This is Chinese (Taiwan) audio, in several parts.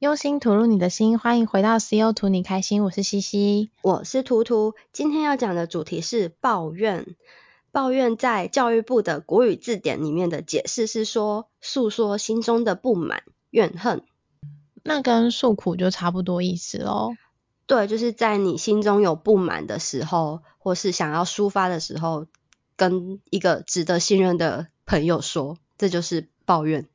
用心吐露你的心，歡迎回到 C.O. 圖你開心，我是西西，我是圖圖。今天要講的主題是抱怨。抱怨在教育部的國語字典裡面的解釋是說，訴說心中的不滿、怨恨。那跟訴苦就差不多意思嘍。對，就是在你心中有不滿的時候，或是想要抒發的時候，跟一個值得信任的朋友說，這就是抱怨。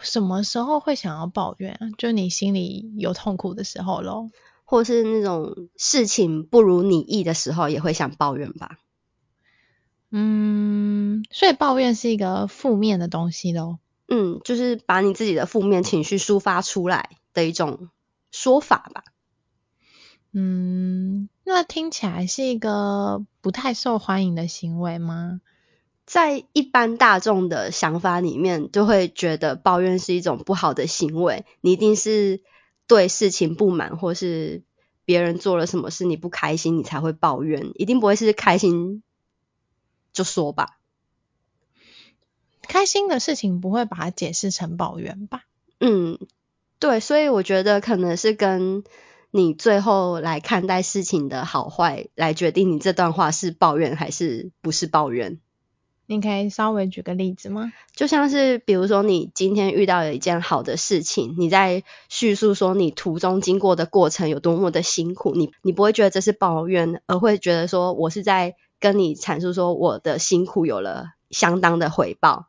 什麼時候會想要抱怨啊？就你心裡有痛苦的時候咯，或是那種事情不如你意的時候，也會想抱怨吧。嗯，所以抱怨是一個負面的東西咯。嗯，就是把你自己的負面情緒抒發出來的一種說法吧。嗯，那聽起來是一個不太受歡迎的行為嗎？在一般大眾的想法裡面，就會覺得抱怨是一種不好的行為。你一定是對事情不滿，或是別人做了什麼事你不開心，你才會抱怨。一定不會是開心就說吧。開心的事情不會把它解釋成抱怨吧？嗯，對。所以我覺得可能是跟你最後來看待事情的好壞，來決定你這段話是抱怨還是不是抱怨。你可以稍微舉個例子嗎？就像是，比如說，你今天遇到了一件好的事情，你在敘述說你途中經過的過程有多麼的辛苦，你你不會覺得這是抱怨，而會覺得說我是在跟你闡述說我的辛苦有了相當的回報，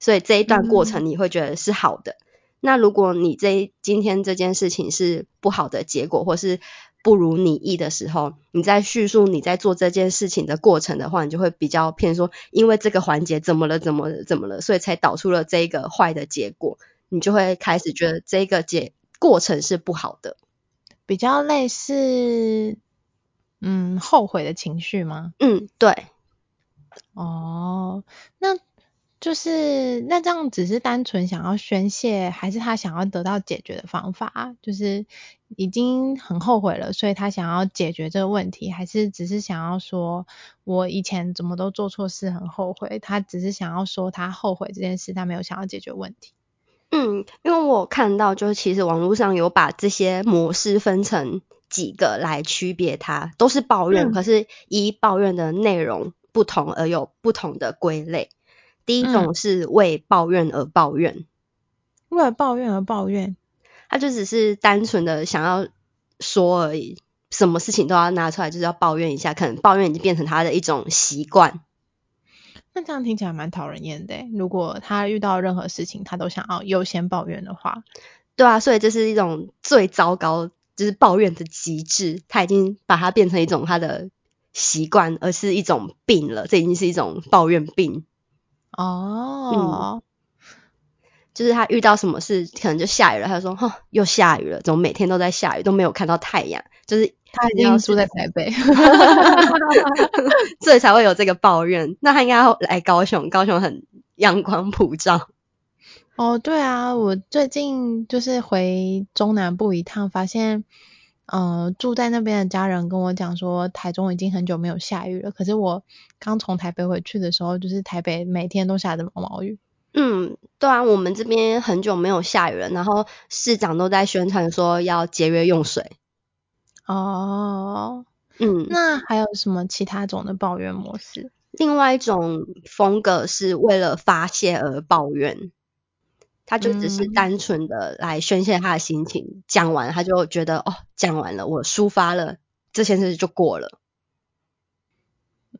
所以這一段過程你會覺得是好的。嗯、那如果你這今天這件事情是不好的結果，或是不如你意的時候，你在敘述你在做這件事情的過程的話，你就會比較偏說，因為這個環節怎麼了，怎麼了怎麼了，所以才導出了這個壞的結果，你就會開始覺得這個結過程是不好的，比較類似，嗯，後悔的情緒嗎？嗯，對，哦。Oh. 就是那這樣只是單純想要宣洩，還是他想要得到解決的方法？就是已經很後悔了，所以他想要解決這個問題，還是只是想要說，我以前怎麼都做錯事，很後悔。他只是想要說，他後悔這件事，他沒有想要解決問題。嗯，因為我看到，就是其實網絡上有把這些模式分成幾個來區別，他都是抱怨，嗯，可是以抱怨的內容不同而有不同的歸類。第一種是為抱怨而抱怨，嗯，為了抱怨而抱怨，他就只是單純的想要說而已，什麼事情都要拿出來就是要抱怨一下，可能抱怨已經變成他的一種習慣。那這樣聽起來蠻討人厭的。如果他遇到任何事情，他都想要優先抱怨的話，對啊，所以這是一種最糟糕，就是抱怨的極致。他已經把它變成一種他的習慣，而是一種病了。這已經是一種抱怨病。哦、oh. 嗯，就是他遇到什麼事，可能就下雨了。他說：“哈，又下雨了，怎麼每天都在下雨，都沒有看到太陽？”就是他一定要住在台北， 所以才會有這個抱怨。那他應該要來高雄，高雄很陽光普照。哦，oh, 對啊，我最近就是回中南部一趟，發現。嗯、呃，住在那邊的家人跟我講說，台中已經很久沒有下雨了。可是我剛從台北回去的時候，就是台北每天都下着毛毛雨。嗯，對啊，我們這邊很久沒有下雨了，然後市長都在宣傳說要節約用水。哦，嗯，那還有什麼其他種的抱怨模式？另外一種風格是為了發洩而抱怨。他就只是單純的來宣泄他的心情，講、嗯、完他就覺得哦，講完了，我抒發了這些事就過了。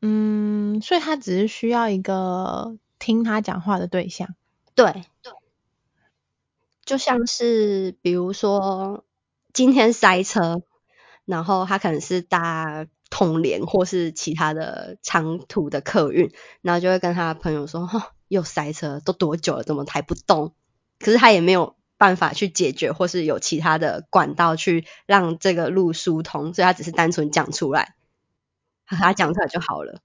嗯，所以他只是需要一個聽他講話的對象。對對，對就像是、嗯、比如說今天塞車，然後他可能是搭統聯或是其他的長途的客運，然後就會跟他朋友說：哈，又塞車，都多久了，怎麼抬不動？可是他也沒有辦法去解決，或是有其他的管道去讓這個路疏通，所以他只是單純講出來，嗯、他講出來就好了。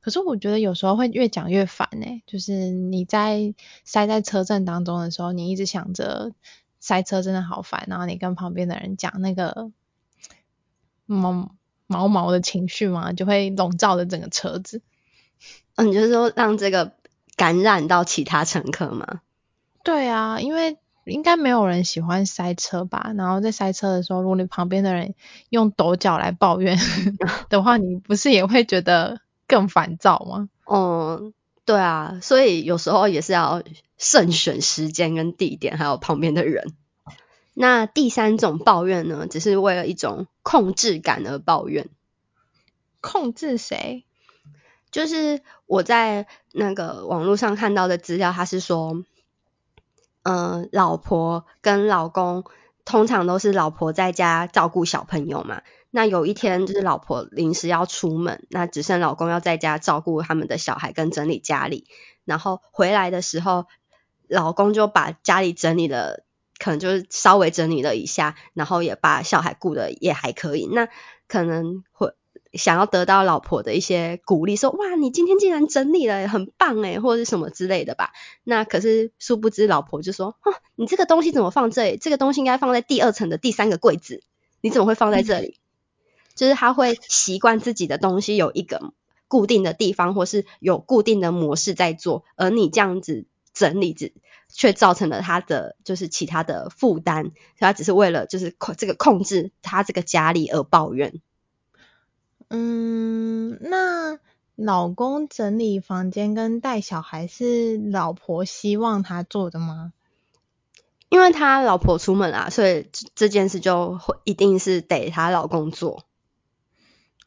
可是我覺得有時候會越講越煩哎、欸，就是你在塞在車陣當中的時候，你一直想着塞車真的好煩，然後你跟旁邊的人講那個毛毛毛的情緒嘛，就會籠罩着整個車子。嗯、哦，你就是說讓這個感染到其他乘客嗎？對啊，因為應該沒有人喜歡塞車吧？然後在塞車的時候，如果你旁邊的人用抖腳來抱怨的話， 你不是也會覺得更煩躁嗎？嗯，對啊，所以有時候也是要慎選時間跟地點還有旁邊的人。那第三種抱怨呢，只是為了一種控制感而抱怨。控制誰？就是我在那個網絡上看到的資料，他是說。嗯、呃，老婆跟老公通常都是老婆在家照顧小朋友嘛。那有一天就是老婆臨時要出門，那只剩老公要在家照顧他們的小孩跟整理家裡。然後回來的時候，老公就把家裡整理的，可能就是稍微整理了一下，然後也把小孩顧得也還可以。那可能會。想要得到老婆的一些鼓勵，說哇，你今天竟然整理了，很棒誒，或者是什麼之類的吧。那可是殊不知，老婆就說啊，你這個東西怎麼放這裡？這個東西應該放在第二層的第三個櫃子，你怎麼會放在這裡？嗯、就是他會習慣自己的東西有一個固定的地方，或是有固定的模式在做，而你這樣子整理只卻造成了他的就是其他的負擔。所以他只是為了就是控這個控制他這個家裡而抱怨。嗯，那老公整理房間跟帶小孩是老婆希望他做的嗎？因為他老婆出門了啊，所以這件事就會一定是得他老公做。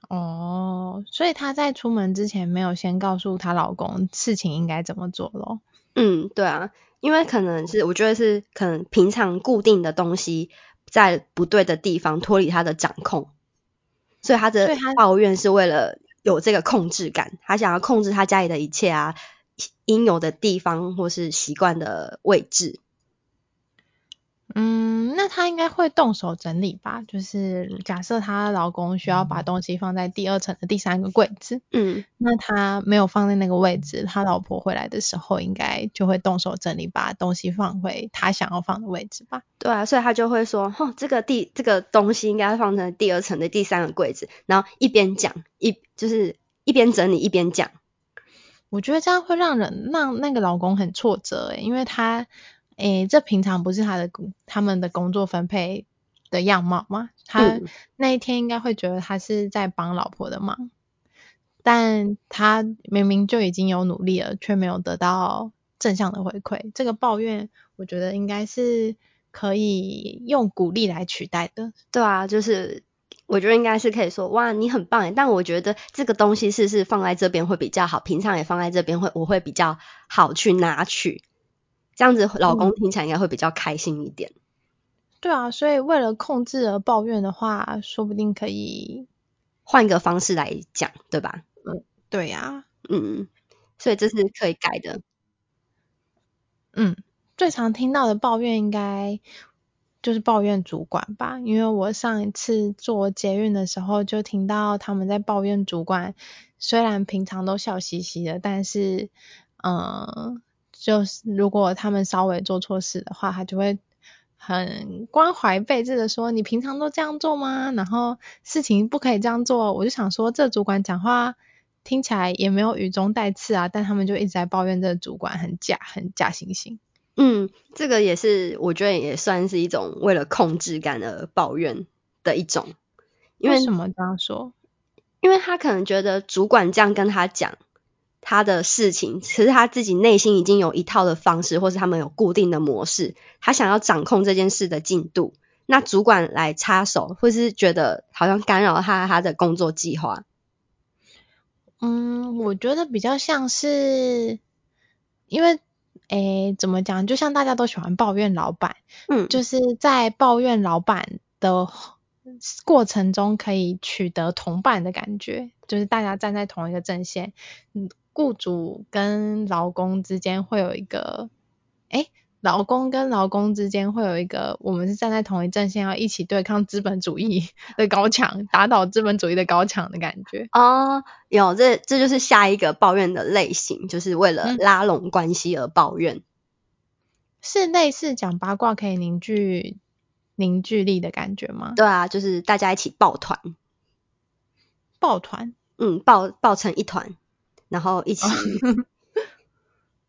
哦，所以他在出門之前沒有先告訴他老公事情應該怎麼做咯。嗯，對啊，因為可能是我覺得是可能平常固定的東西在不對的地方脫離他的掌控。對，他的抱怨是為了有這個控制感，他想要控制他家裡的一切啊，應有的地方或是習慣的位置。嗯，那她應該會動手整理吧？就是假設她老公需要把東西放在第二層的第三個櫃子，嗯，那他沒有放在那個位置，他老婆回來的時候應該就會動手整理，把東西放回她想要放的位置吧？對啊，所以她就會說，哼、哦，這個第這個東西應該放在第二層的第三個櫃子，然後一邊講一就是一邊整理一邊講，我覺得這樣會讓人讓那個老公很挫折誒、欸，因為他。誒，這平常不是他的工、他們的工作分配的樣貌嗎？他那一天應該會覺得他是在幫老婆的忙，但他明明就已經有努力了，卻沒有得到正向的回饋。這個抱怨，我覺得應該是可以用鼓勵來取代的。對啊，就是我覺得應該是可以說，哇，你很棒！但我覺得這個東西是是放在這邊會比較好，平常也放在這邊會，我會比較好去拿取。這樣子老公聽起來應該會比較開心一點。嗯，對啊，所以為了控制而抱怨的話，說不定可以換一個方式來講，對吧？嗯，對呀、啊，嗯，所以這是可以改的。嗯，最常聽到的抱怨應該就是抱怨主管吧，因為我上一次坐捷運的時候就聽到他們在抱怨主管，雖然平常都笑嘻嘻的，但是，嗯。就是如果他們稍微做錯事的話，他就會很關懷備至的說：“你平常都這樣做嗎？”然後事情不可以這樣做。我就想說，這主管講話聽起來也沒有語中帶刺啊，但他們就一直在抱怨這個主管很假、很假惺惺。嗯，這個也是我覺得也算是一種為了控制感而抱怨的一種。因為什麼這樣說？因為他可能覺得主管這樣跟他講。他的事情，其實他自己內心已經有一套的方式，或是他們有固定的模式，他想要掌控這件事的進度。那主管來插手，或是覺得好像干擾了他他的工作計劃。嗯，我覺得比較像是，因為，誒，怎麼講？就像大家都喜歡抱怨老闆，嗯，就是在抱怨老闆的過程中，可以取得同伴的感覺，就是大家站在同一個陣線，嗯。僱主跟勞工之間會有一個，誒，欸，勞工跟勞工之間會有一個，我們是站在同一陣線，要一起對抗資本主義的高牆，打倒資本主義的高牆的感覺。哦，有，這，這就是下一個抱怨的類型，就是為了拉攏關係而抱怨，嗯，是類似講八卦可以凝聚凝聚力的感覺嗎？對啊，就是大家一起抱團，抱團，嗯，抱抱成一團。然後一起，哦、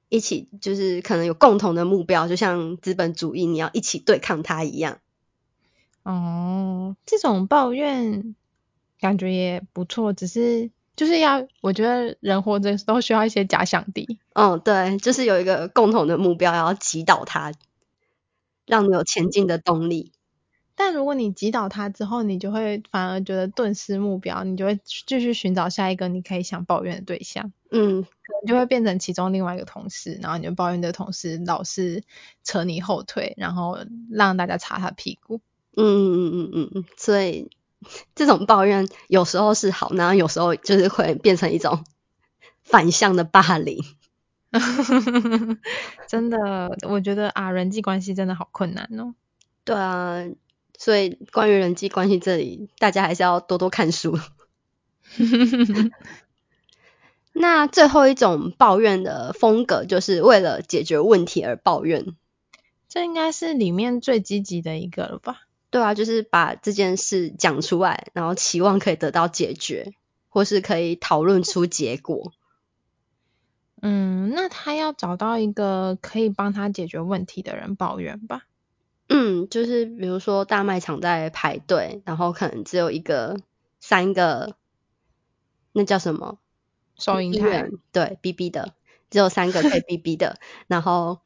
一起就是可能有共同的目標，就像資本主義，你要一起對抗它一樣。哦，這種抱怨感覺也不錯，只是就是要，我覺得人活着都需要一些假想敵。嗯、哦，對，就是有一個共同的目標，要擊倒它，讓你有前進的動力。但如果你擊倒他之後，你就會反而覺得頓失目標，你就會繼續尋找下一個你可以想抱怨的對象。嗯，可能就會變成其中另外一個同事，然後你就抱怨的同事老是扯你後腿，然後讓大家擦他屁股。嗯嗯嗯嗯嗯。所以這種抱怨有時候是好，然後有時候就是會變成一種反向的霸凌。 真的，我覺得啊，人際關係真的好困難哦。對啊。所以，關於人際關係這裡，大家還是要多多看書。 那最後一種抱怨的風格，就是為了解決問題而抱怨。這應該是裡面最積極的一個了吧？對啊，就是把這件事講出來，然後期望可以得到解決，或是可以討論出結果。嗯，那他要找到一個可以幫他解決問題的人抱怨吧。嗯，就是比如說大賣場在排隊，然後可能只有一個、三個，那叫什麼？收銀台？對，B B 的，只有三個可以 B B 的， 然後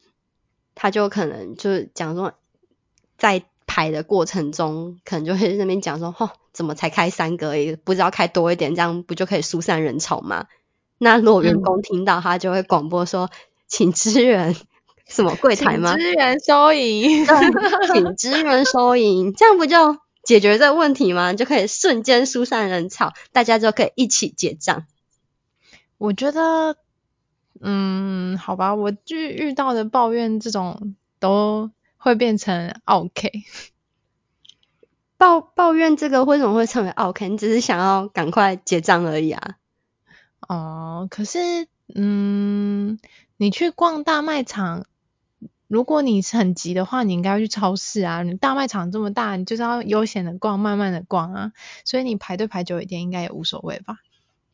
他就可能就是講說，在排的過程中，可能就會在那邊講說，哦，怎麼才開三個？也不知道開多一點，這樣不就可以疏散人潮嗎？那如果員工聽到，嗯、他就會廣播說，請支援。什麼櫃檯嗎？請支援收銀，對 請支援收銀，這樣不就解決這問題嗎？就可以瞬間疏散人潮，大家就可以一起結賬。我覺得，嗯，好吧，我遇遇到的抱怨這種都會變成 OK。抱抱怨這個為什麼會成為 OK？你只是想要趕快結賬而已啊。哦，可是，嗯，你去逛大賣場。如果你是很急的話，你應該要去超市啊。你大賣場這麼大，你就是要悠閒的逛，慢慢的逛啊。所以你排隊排久一點應該也無所謂吧。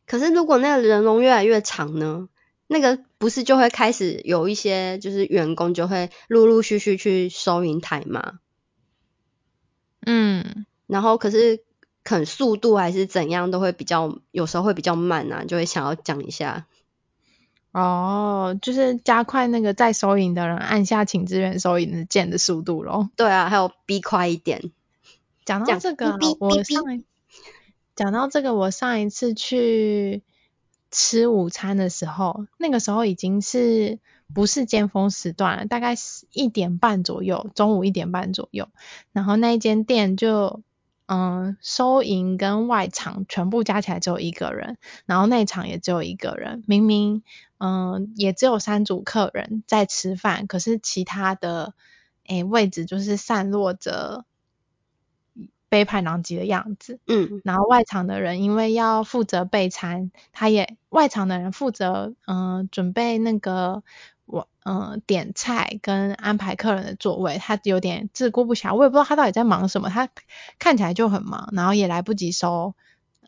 可是如果那個人龍越來越長呢？那個不是就會開始有一些就是員工就會陸陸續續去，去收銀台嗎？嗯，然後可是肯速度還是怎樣都會比較，有時候會比較慢啊，就會想要講一下。哦，oh, 就是加快那個在收銀的人按下請支援收銀的鍵的速度咯。對啊，還有逼快一點。講到這個，咳咳咳咳我上講到這個，我上一次去吃午餐的時候，那個時候已經是不是尖峰時段了，大概是一點半左右，中午一點半左右，然後那一間店就。嗯，收銀跟外場全部加起來只有一個人，然後內場也只有一個人。明明，嗯，也只有三組客人在吃飯，可是其他的，欸，位置就是散落着杯盤狼藉的樣子。嗯，然後外場的人因為要負責備餐，他也外場的人負責，嗯，呃，準備那個。嗯，點菜跟安排客人的座位，他有點自顧不暇，我也不知道他到底在忙什麼。他看起來就很忙，然後也來不及收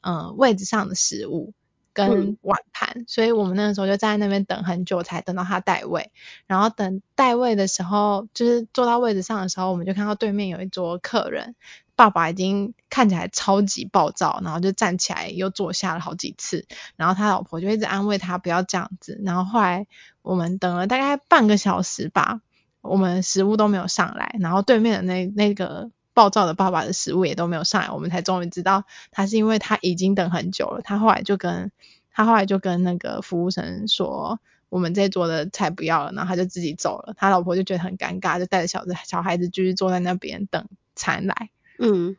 嗯，位置上的食物跟碗盤，嗯、所以我們那個時候就站在那邊等很久，才等到他帶位。然後等帶位的時候，就是坐到位置上的時候，我們就看到對面有一桌客人。爸爸已經看起來超級暴躁，然後就站起來又坐下了好幾次，然後他老婆就一直安慰他不要這樣子。然後後來我們等了大概半個小時吧，我們食物都沒有上來，然後對面的那那個暴躁的爸爸的食物也都沒有上來，我們才終於知道他是因為他已經等很久了。他後來就跟他後來就跟那個服務生說，我們這桌的菜不要了，然後他就自己走了。他老婆就覺得很尷尬，就帶着小子小孩子繼續坐在那邊等餐來。嗯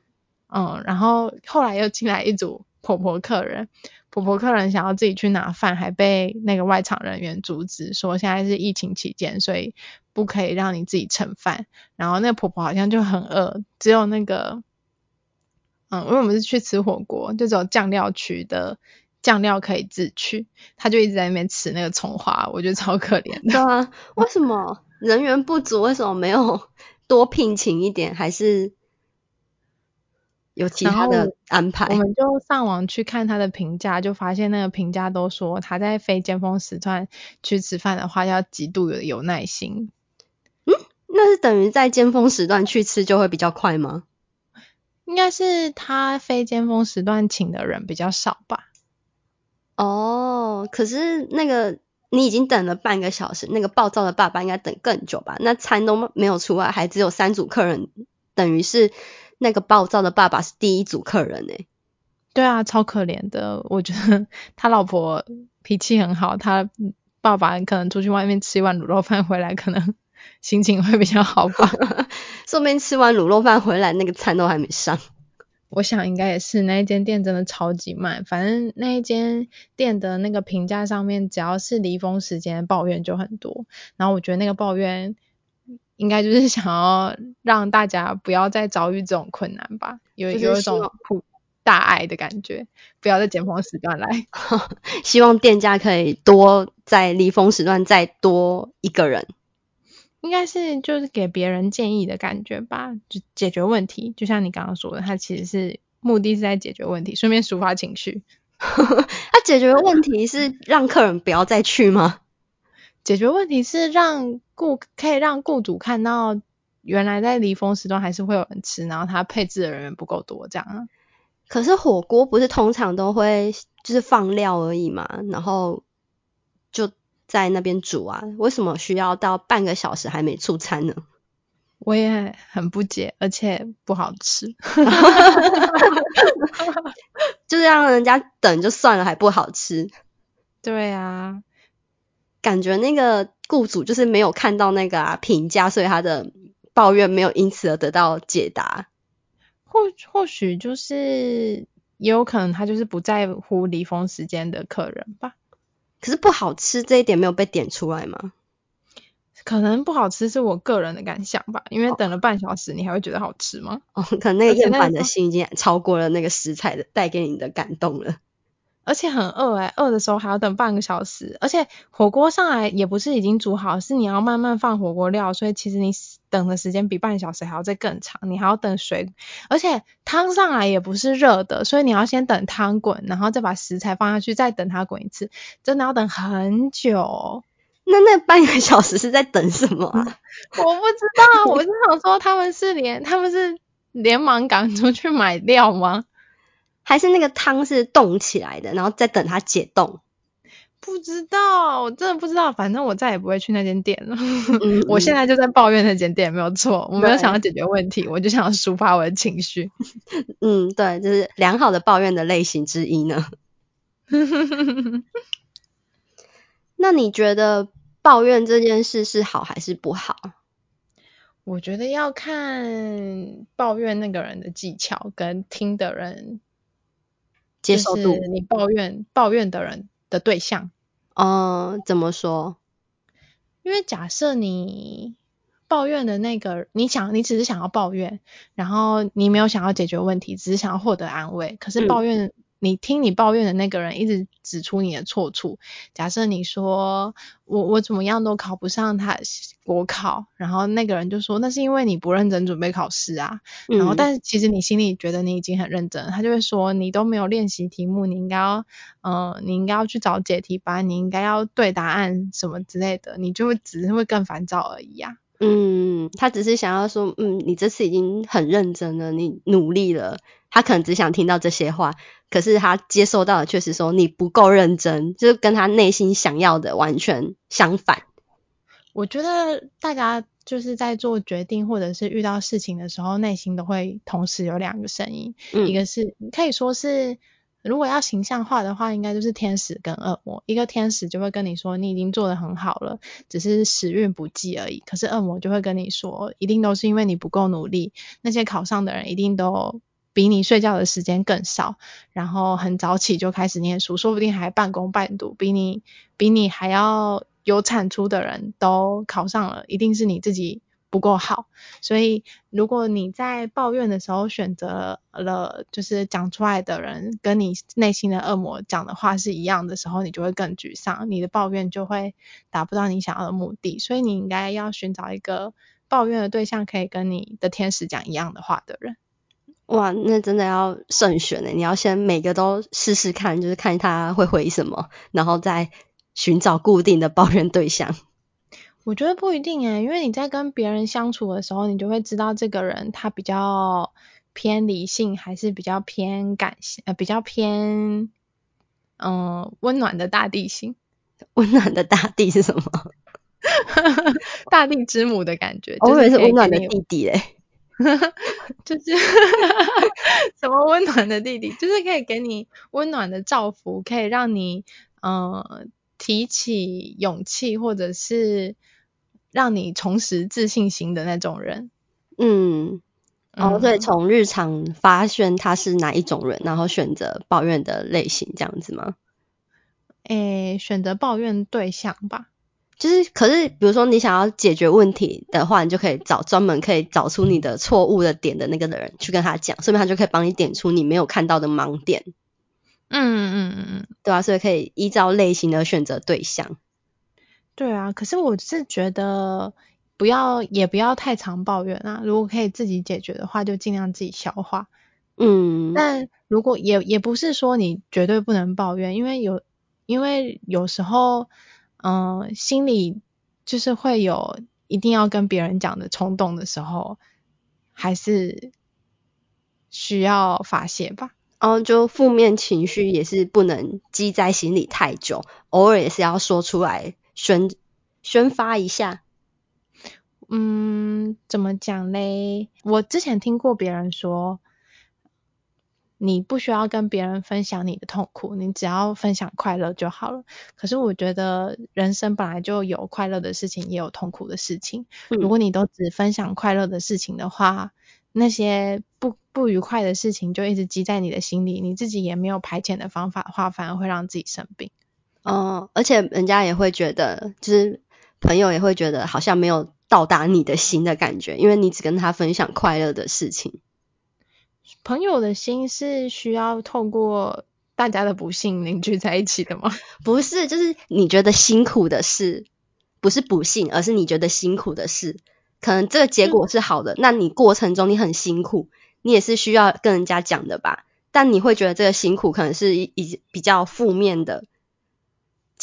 嗯，然後後來又進來一組婆婆客人，婆婆客人想要自己去拿飯，還被那個外場人員阻止，說現在是疫情期間，所以不可以讓你自己盛飯。然後那個婆婆好像就很餓，只有那個，嗯，因為我們是去吃火鍋，就只有醬料區的醬料可以自取，她就一直在那邊吃那個蔥花，我覺得超可憐的。嗯、對啊，為什麼人員不足？為什麼沒有多聘請一點？還是？有其他的安排，我們就上網去看他的評價，就發現那個評價都說他在非尖峰時段去吃飯的話，要極度有有耐心。嗯，那是等於在尖峰時段去吃就會比較快嗎？應該是他非尖峰時段請的人比較少吧。哦，可是那個你已經等了半個小時，那個暴躁的爸爸應該等更久吧？那餐都沒有出來，還只有三組客人，等於是。那個暴躁的爸爸是第一組客人誒、欸，對啊，超可憐的。我覺得他老婆脾氣很好，他爸爸可能出去外面吃一碗滷肉飯回來，可能心情會比較好吧。順 便吃完滷肉飯回來，那個餐都還沒上。我想應該也是那間店真的超級慢。反正那間店的那個評價上面，只要是離峰時間，抱怨就很多。然後我覺得那個抱怨，應該就是想要讓大家不要再遭遇這種困難吧，有有一種大愛的感覺，不要在尖峰時段來。希望店家可以多在離峰時段再多一個人。應該是就是給別人建議的感覺吧，就解決問題。就像你剛剛說的，他其實是目的是在解決問題，順便抒發情緒。他、啊、解決問題是讓客人不要再去嗎？嗯解決問題是讓雇可以讓雇主看到，原來在離峰時段還是會有人吃，然後他配置的人員不夠多這樣啊。可是火鍋不是通常都會就是放料而已嘛，然後就在那邊煮啊，為什麼需要到半個小時還沒出餐呢？我也很不解，而且不好吃，就是讓人家等就算了，還不好吃。對啊。感覺那個雇主就是沒有看到那個、啊、評價，所以他的抱怨沒有因此而得到解答。或或許就是，也有可能他就是不在乎離峰時間的客人吧。可是不好吃這一點沒有被點出來嗎？可能不好吃是我個人的感想吧。因為等了半小時，你還會覺得好吃嗎？哦，可能那個，厭煩的心已經超過了那個食材的帶給你的感動了。而且很餓誒，餓的時候還要等半個小時。而且火鍋上來也不是已經煮好，是你要慢慢放火鍋料，所以其實你等的時間比半個小時還要再更長，你還要等水。而且湯上來也不是熱的，所以你要先等湯滾，然後再把食材放下去，再等它滾一次，真的要等很久。那那半個小時是在等什麼啊？ 我不知道，我是想說他們是連，他們是連忙趕出去買料嗎？還是那個湯是凍起來的，然後再等它解凍。不知道，我真的不知道。反正我再也不會去那間店了。 嗯嗯、我現在就在抱怨那間店，沒有錯。我沒有想要解決問題，對我就想要抒發我的情緒。嗯，對，就是良好的抱怨的類型之一呢。 那你覺得抱怨這件事是好還是不好？我覺得要看抱怨那個人的技巧跟聽的人。接受度，你抱怨抱怨的人的對象，嗯、呃，怎麼說？因為假設你抱怨的那個，你想你只是想要抱怨，然後你沒有想要解決問題，只是想要獲得安慰，可是抱怨。嗯你聽你抱怨的那個人一直指出你的錯處。假設你說我我怎麼樣都考不上他國考，然後那個人就說那是因為你不認真準備考試啊。嗯、然後但是其實你心裡覺得你已經很認真，他就會說你都沒有練習題目，你應該要嗯、呃、你應該要去找解題班，你應該要對答案什麼之類的，你就會只是會更煩躁而已啊。嗯。他只是想要說，嗯，你這次已經很認真了，你努力了。他可能只想聽到這些話，可是他接收到的卻是說你不夠認真，就是跟他內心想要的完全相反。我覺得大家就是在做決定或者是遇到事情的時候，內心都會同時有兩個聲音，嗯，一個是你可以說是。如果要形象化的話，應該就是天使跟惡魔。一個天使就會跟你說，你已經做得很好了，只是時運不濟而已。可是惡魔就會跟你說，一定都是因為你不夠努力。那些考上的人一定都比你睡覺的時間更少，然後很早起就開始念書，說不定還半工半讀，比你比你還要有產出的人都考上了，一定是你自己。不夠好，所以如果你在抱怨的時候選擇了就是講出來的人，跟你內心的惡魔講的話是一樣的時候，你就會更沮喪，你的抱怨就會達不到你想要的目的。所以你應該要尋找一個抱怨的對象，可以跟你的天使講一樣的話的人。哇，那真的要慎選呢，你要先每個都試試看，就是看他會回什麼，然後再尋找固定的抱怨對象。我覺得不一定誒、欸、因為你在跟別人相處的時候，你就會知道這個人他比較偏理性，還是比較偏感性，呃，比較偏嗯呃、溫暖的大地性。溫暖的大地是什麼？ 大地之母的感覺。我以為是溫暖的弟弟嘞。就是， 就是 什麼溫暖的弟弟，就是可以給你溫暖的照拂，可以讓你嗯、呃、提起勇氣，或者是。讓你重拾自信心的那種人，嗯，哦，所以從日常發現他是哪一種人，然後選擇抱怨的類型這樣子嗎？誒、欸，選擇抱怨對象吧，就是可是比如說你想要解決問題的話，你就可以找專門可以找出你的錯誤的點的那個的人去跟他講，順便他就可以幫你點出你沒有看到的盲點。嗯嗯嗯，對啊，所以可以依照類型的選擇對象。對啊，可是我是覺得不要也不要太常抱怨啊。如果可以自己解決的話，就盡量自己消化。嗯，但如果也也不是說你絕對不能抱怨，因為有因為有時候嗯、呃、心裡就是會有一定要跟別人講的衝動的時候，還是需要發洩吧。哦，就負面情緒也是不能積在心裡太久，偶爾也是要說出來。宣宣洩一下，嗯，怎麼講嘞？我之前聽過別人說，你不需要跟別人分享你的痛苦，你只要分享快樂就好了。可是我覺得，人生本來就有快樂的事情，也有痛苦的事情。嗯、如果你都只分享快樂的事情的話，那些不不愉快的事情就一直積在你的心裡，你自己也沒有排遣的方法的話，反而會讓自己生病。哦，而且人家也會覺得，就是朋友也會覺得好像沒有到達你的心的感覺，因為你只跟他分享快樂的事情。朋友的心是需要透過大家的不幸凝聚在一起的嗎？不是，就是你覺得辛苦的事，不是不幸，而是你覺得辛苦的事，可能這個結果是好的，嗯，那你過程中你很辛苦，你也是需要跟人家講的吧？但你會覺得這個辛苦可能是以，以比較負面的。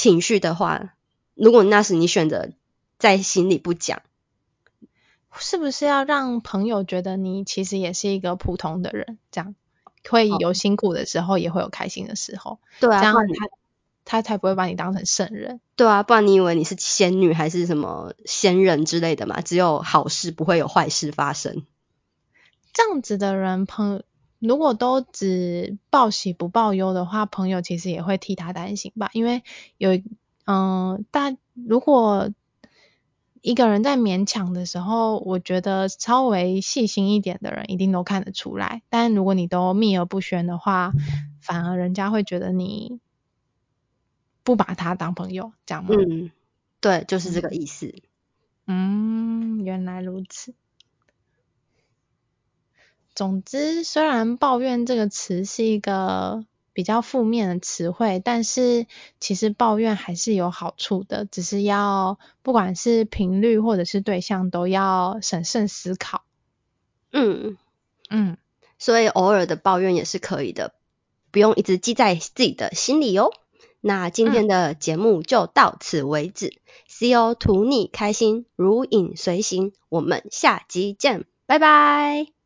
情緒的話，如果那時你選擇在心裡不講，是不是要讓朋友覺得你其實也是一個普通的人，這樣會有辛苦的時候，哦、也會有開心的時候，對啊、這樣他然後他才不會把你當成聖人。對啊，不然你以為你是仙女還是什麼仙人之類的嘛？只有好事不會有壞事發生。這樣子的人朋友。如果都只報喜不報憂的話，朋友其實也會替他擔心吧？因為有，嗯，但如果一個人在勉強的時候，我覺得稍微細心一點的人一定都看得出來。但如果你都秘而不宣的話，反而人家會覺得你不把他當朋友，這樣嗎？嗯，對，就是這個意思。嗯，原來如此。總之，雖然抱怨這個詞是一個比較負面的詞彙，但是其實抱怨還是有好處的，只是要不管是頻率或者是對象都要審慎思考。嗯嗯，嗯，所以偶爾的抱怨也是可以的，不用一直記在自己的心裡哦。那今天的節目就到此為止。嗯、，See you，圖你開心如影隨形，我們下集見，拜拜。